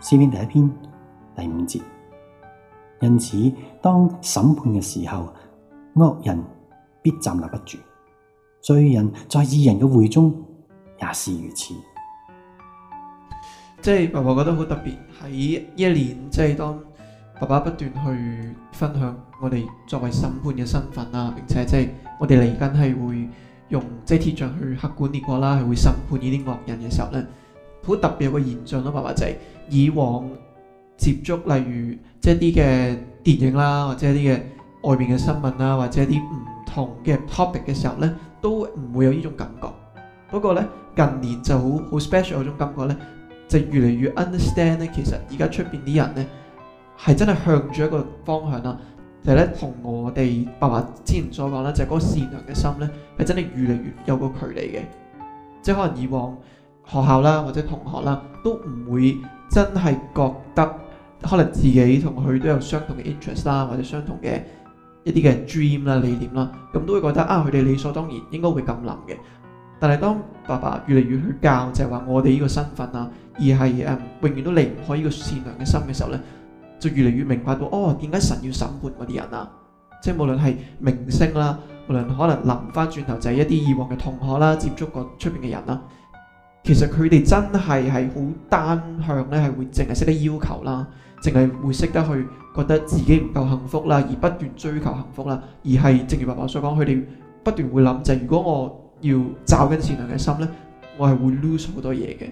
詩篇第一篇第五節，因此當審判嘅時候，惡人必站立不住，罪人在義人嘅會中也是如此。即係爸爸覺得好特別，喺一年即係當。爸爸不斷去分享我哋作為審判嘅身份啊，並且即係我哋嚟緊係會用即係鐵杖去轄管呢個啦，係會審判呢啲惡人嘅時候咧，好特別有個現象咯。爸爸仔以往接觸例如即係啲嘅電影啦，或者啲嘅外面嘅新聞啦，或者啲唔同嘅 topic 嘅時候咧，都唔會有呢種感覺。不過咧近年就好好 special 嗰種感覺咧，就越嚟越 understand 咧，其實而家出邊啲人咧。係真係向住一個方向啦，就係咧同我哋爸爸之前所講咧，就係嗰善良嘅心咧，係真係越嚟越有個距離嘅。即係可能以往學校啦，或者同學啦，都唔會真係覺得可能自己同佢都有相同嘅 interest 啦，或者相同嘅一啲嘅 dream 啦、理念啦，咁都會覺得啊，佢哋理所當然應該會咁諗嘅。但係當爸爸越嚟越去教，就係話我哋呢個身份啊，而係誒永遠都離唔開呢個善良嘅心嘅時候咧。就越嚟越明白到哦，點解神要審判嗰啲人啊？即係無論係明星啦，無論可能臨翻轉頭就係一啲以往嘅同學啦、接觸過出邊嘅人啦，其實佢哋真係係好單向咧，係會淨係識得要求啦，淨係會識得去覺得自己唔夠幸福啦，而不斷追求幸福啦，而係正如爸爸所講，佢哋不斷會諗就係、是、如果我要抓緊善良嘅心咧，我係會 lose 好多嘢嘅。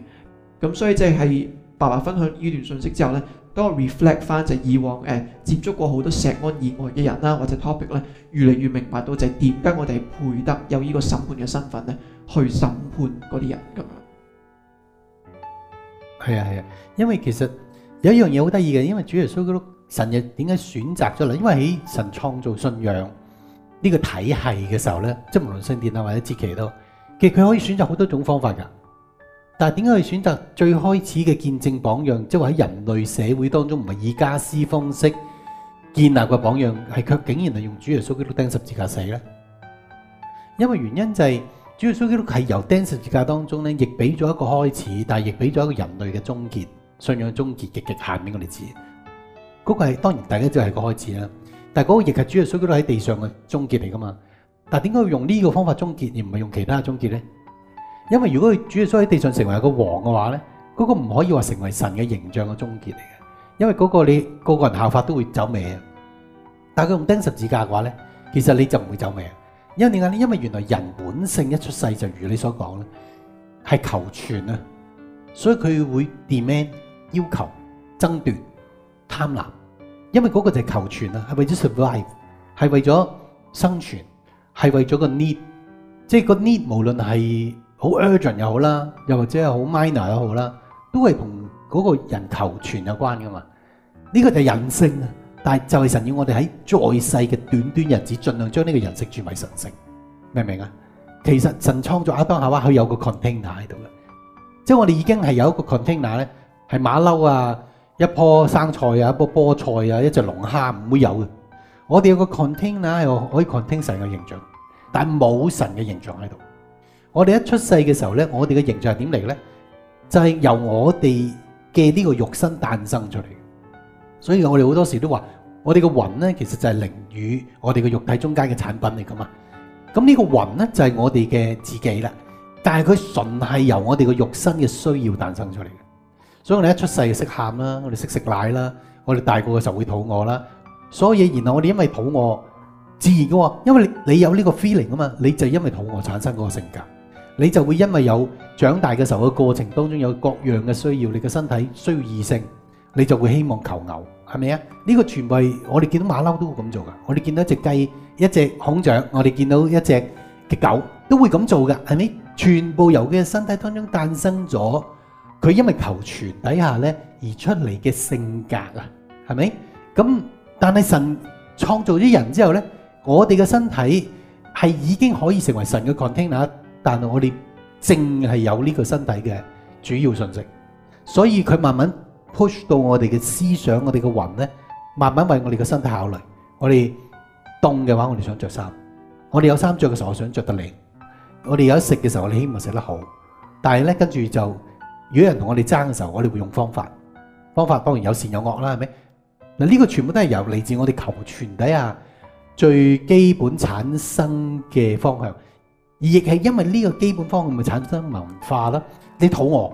咁所以即係爸爸分享呢段信息之後咧。當我 reflect 翻就係、以往誒、嗯、接觸過好多石安意外嘅人啦，或者 topic 咧，越嚟越明白到就係點解我哋配得有呢個審判嘅身份咧，去審判嗰啲人咁樣。係啊係啊，因為其實有一樣嘢好得意嘅，因為主耶穌嗰度神嘅點解選擇咗嚟，因為喺神創造信仰呢個體系嘅時候咧，即係無論聖殿啊或者節期都，其實佢可以選擇好多種方法㗎。但係點解佢選擇最開始嘅見證榜樣，即係話喺人類社會當中唔係以家私方式建立個榜樣，係卻竟然係用主耶穌基督釘十字架死咧？因為原因就係主耶穌基督係由釘十字架當中咧，亦俾咗一個開始，但係亦俾咗一個人類嘅終結，信仰嘅終結極極限面我哋知，嗰個係當然大家知係個開始啦。但係嗰個亦係主耶穌基督喺地上嘅終結嚟噶嘛？但係點解要用呢個方法終結，而唔係用其他終結咧？因為如果佢主要坐喺地上成為一個王嘅話咧，嗰個唔可以話成為神嘅形象嘅終結嚟嘅。因為嗰個你個個人效法都會走命。但係佢用釘十字架嘅話咧，其實你就唔會走命。因為點解咧？因為原來人本性一出世就如你所講咧，係求存啊，所以佢會 demand 要求、爭奪、貪婪。因為嗰個就係求存啊，係為咗 survive，係為咗生存，係為咗個 need，即係個 need 無論係。很 urg 好 urgent 又好啦，又或者係 min 好 minor 都好啦，都係同嗰個人求存有關噶嘛？呢、這個就係人性啊！但係就係神要我哋喺在世嘅短短日子，儘量將呢個人性轉為神性，明唔明啊？其實神創造亞當夏娃，佢有個 container 喺度啦。即係我哋已經係有一個 container 咧，係馬騮啊、一棵生菜啊、一棵菠菜啊、一隻龍蝦唔會有嘅。我哋有一個 container 又可以 container 神嘅形象，但係冇神嘅形象喺度。我哋一出世嘅時候咧，我哋嘅形象係點嚟嘅咧？就係由我哋嘅呢個肉身誕生出嚟，所以我哋好多時都話：我哋嘅魂咧，其實就係靈與我哋嘅肉體中間嘅產品嚟噶嘛。咁呢個魂咧，就係我哋嘅自己啦。但係佢純係由我哋嘅肉身嘅需要誕生出嚟嘅。所以我哋一出世就識喊啦，我哋識食奶啦，我哋大個嘅時候會肚餓啦，所以然後我哋因為肚餓自然嘅，因為你有呢個 feeling 啊嘛，你就因為肚餓產生嗰個性格。你就會因為有長大嘅時候嘅過程當中有各樣嘅需要，你嘅身體需要異性，你就會希望求偶，係咪啊？呢個全部我哋見到馬騮都會咁做噶，我哋見到一隻雞、一隻孔雀，我哋見到一隻嘅狗都會咁做噶，係咪？全部由佢嘅身體當中誕生咗，佢因為求全底下呢而出嚟嘅性格啊，係咪？咁但係神創造咗人之後呢，我哋嘅身體係已經可以成為神嘅 container。但係我哋淨係有呢個身體嘅主要信息，所以佢慢慢 push 到我哋嘅思想，我哋嘅魂咧，慢慢為我哋嘅身體考慮。我哋凍嘅話，我哋想着衫；我哋有衫着嘅時候，我想着得靚；我哋有食嘅時候，我哋希望食得好。但係咧，跟住就，如果有人同我哋爭嘅時候，我哋會用方法。方法當然有善有惡啦，係咪？嗱，呢個全部都係由嚟自我哋求存底下最基本產生嘅方向。而亦係因為呢個基本方向，會產生文化啦？你肚餓，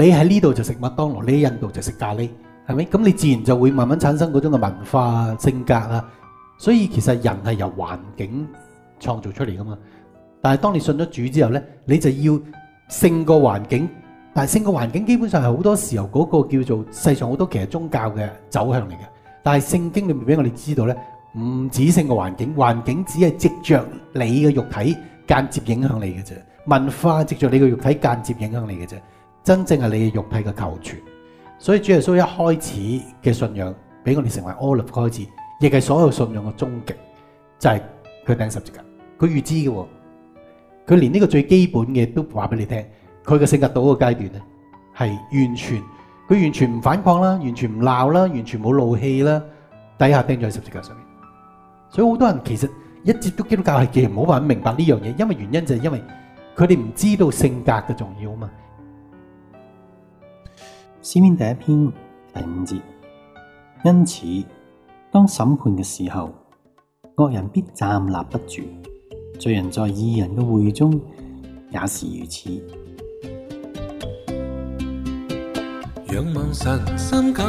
你喺呢度就食麥當勞，你喺印度就食咖喱，係咪咁？你自然就會慢慢產生嗰種嘅文化性格啊。所以其實人係由環境創造出嚟噶嘛。但係當你信咗主之後呢，你就要勝過環境。但係勝過環境基本上係好多時候嗰個叫做世上好多其實宗教嘅走向嚟嘅。但係聖經裡面俾我哋知道呢，唔止勝過環境，環境只係藉着你嘅肉體。間接影響你嘅啫，文化藉着你個肉體間接影響你嘅啫，真正係你嘅肉體嘅求存。所以主耶穌一開始嘅信仰俾我哋成為阿立開始，亦係所有信仰嘅終極，就係佢釘十字架。佢預知嘅，佢連呢個最基本嘅都話俾你聽。佢嘅性格到嗰個階段咧，係完全佢完全唔反抗啦，完全唔鬧啦，完全冇怒氣啦，底下釘咗喺十字架上面。所以好多人其實。一接都基督教係，嘅，實冇辦法明白呢樣嘢，因為原因就係因為佢哋唔知道性格嘅重要啊嘛。詩篇第一篇第五節，因此當審判嘅時候，惡人必站立不住；罪人在義人嘅會中也是如此。仰望神深感